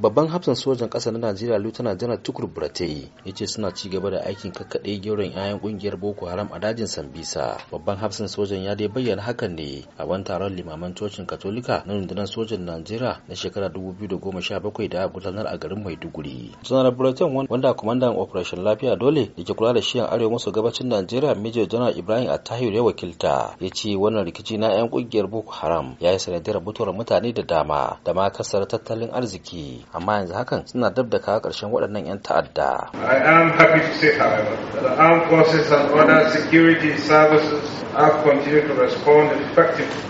babban hafsan sojan ƙasa na najeriya lieutenant janar tukur burateyi ya ce suna ci gaba da aikin kakkaɗe gyauran 'ya'yan ƙungiyar boko haram a dajin sambisa babban hafsan sojan ya dai bayyana hakan ne a ban taron limaman cocin katolika na rundunar sojan najeriya na shekara dubu biyu da goma sha aka gudanar a garin maiduguri janar buratai wanda kwamandan operation lafiya dole da ke kula da shiyan arewa maso gabacin najeriya major janar ibrahim attahir ya wakilta ya ce wannan rikici na 'yan ƙungiyar boko haram ya yi sanadiyar mutuwar mutane da dama da ma kasar tattalin arziki amma yanzu hakan suna dab da kawo ƙarshen waɗannan 'yan ta'adda. I am happy to say however that the armed forces and other security services have continued to respond effectively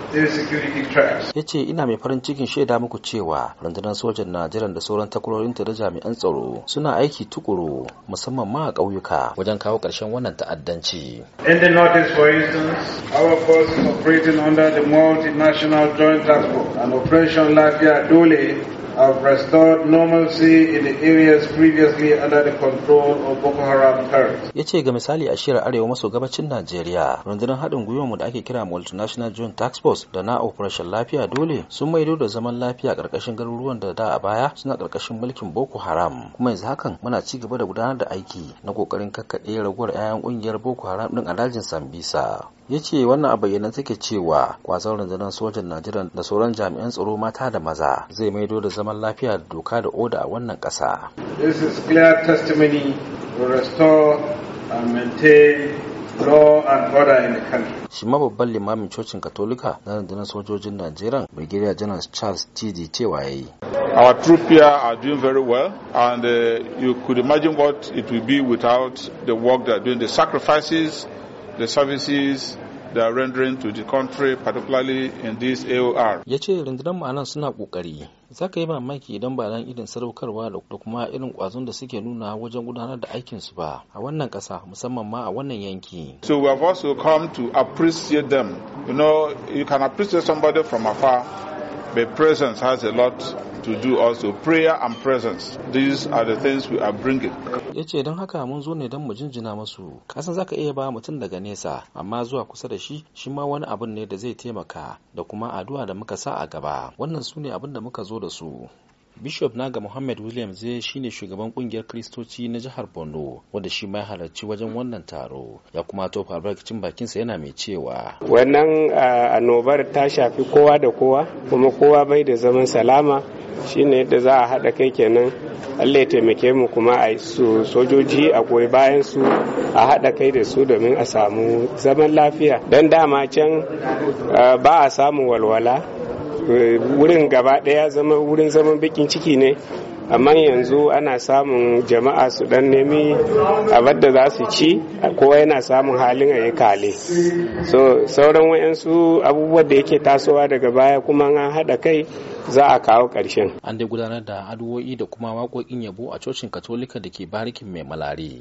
ya ce ina mai farin cikin shaida muku cewa rundunar sojan najeriya da sauran ta da jami'an tsaro suna aiki tukuru musamman ma a ƙauyuka wajen kawo ƙarshen wannan ta'addanci in the notice for instance our forces operating under the multinational joint task force and operation lafiya dole have restored normalcy in the areas previously under the control of Boko Haram terrorists. Ya ce ga misali a shirar arewa maso gabacin Najeriya, rundunar haɗin gwiwa mu da ake kira Multinational Joint Task Force da na Operation Lafiya Dole sun maido da zaman lafiya ƙarƙashin garuruwan da da a baya suna ƙarƙashin mulkin Boko Haram. Kuma yanzu hakan muna ci gaba da gudanar da aiki na ƙoƙarin kakkaɗe raguwar 'ya'yan ƙungiyar Boko Haram ɗin a dajin Sambisa. ya ce wannan a bayyana take cewa kwazon rundunar sojan najeriya da sauran jami'an tsaro mata da maza zai maido da zaman lafiya da doka da oda a wannan kasa this is clear testimony to restore and maintain Shi ma babban limamin cocin Katolika na rundunar sojojin Najeriya, Brigadier General Charles td cewa ya yi. Our troops here are doing very well, and uh, you could imagine what it will be without the work they are doing, the sacrifices the services are rendering to the country particularly in this AOR. Ya ce rundunar ma'anan suna ƙoƙari Za ka yi mamaki idan ba nan irin sadaukarwa da kuma irin ƙwazon da suke nuna wajen gudanar da aikinsu ba a wannan ƙasa musamman ma a wannan yanki. So we have also come to appreciate them. You know, you can appreciate somebody from afar But presence has a lot to do also. Prayer and presence. These are the things we are bringing. Ya ce don haka mun zo ne don mu jinjina masu. Kasan zaka iya ba mutum daga nesa, amma zuwa kusa da shi, shi ma wani abun ne da zai taimaka da kuma addu'a da muka sa a gaba. Wannan su ne abin da muka zo da su. Bishop na ga Muhammad Williams zai eh, shine shugaban kungiyar Kristoci na jihar Borno wanda shi ma halarci wajen wannan taro ya kuma tofa albarkacin bakinsa yana mai cewa. Wannan annobar ta shafi kowa da kowa kuma kowa bai da zaman salama shine yadda za a haɗa kai kenan Allah ya taimake mu kuma a su sojoji a goyi bayan su a haɗa kai da su domin a samu zaman lafiya don dama can ba a samu walwala wurin gaba ɗaya zama wurin zaman bikin ciki ne amma yanzu ana samun jama'a su dan nemi abin da za su ci kowa yana samun halin a yi kale so sauran wayansu abubuwan da yake tasowa daga baya kuma an haɗa kai za a kawo ƙarshen an dai gudanar da addu'o'i da kuma waƙoƙin yabo a cocin katolika da ke barikin mai malari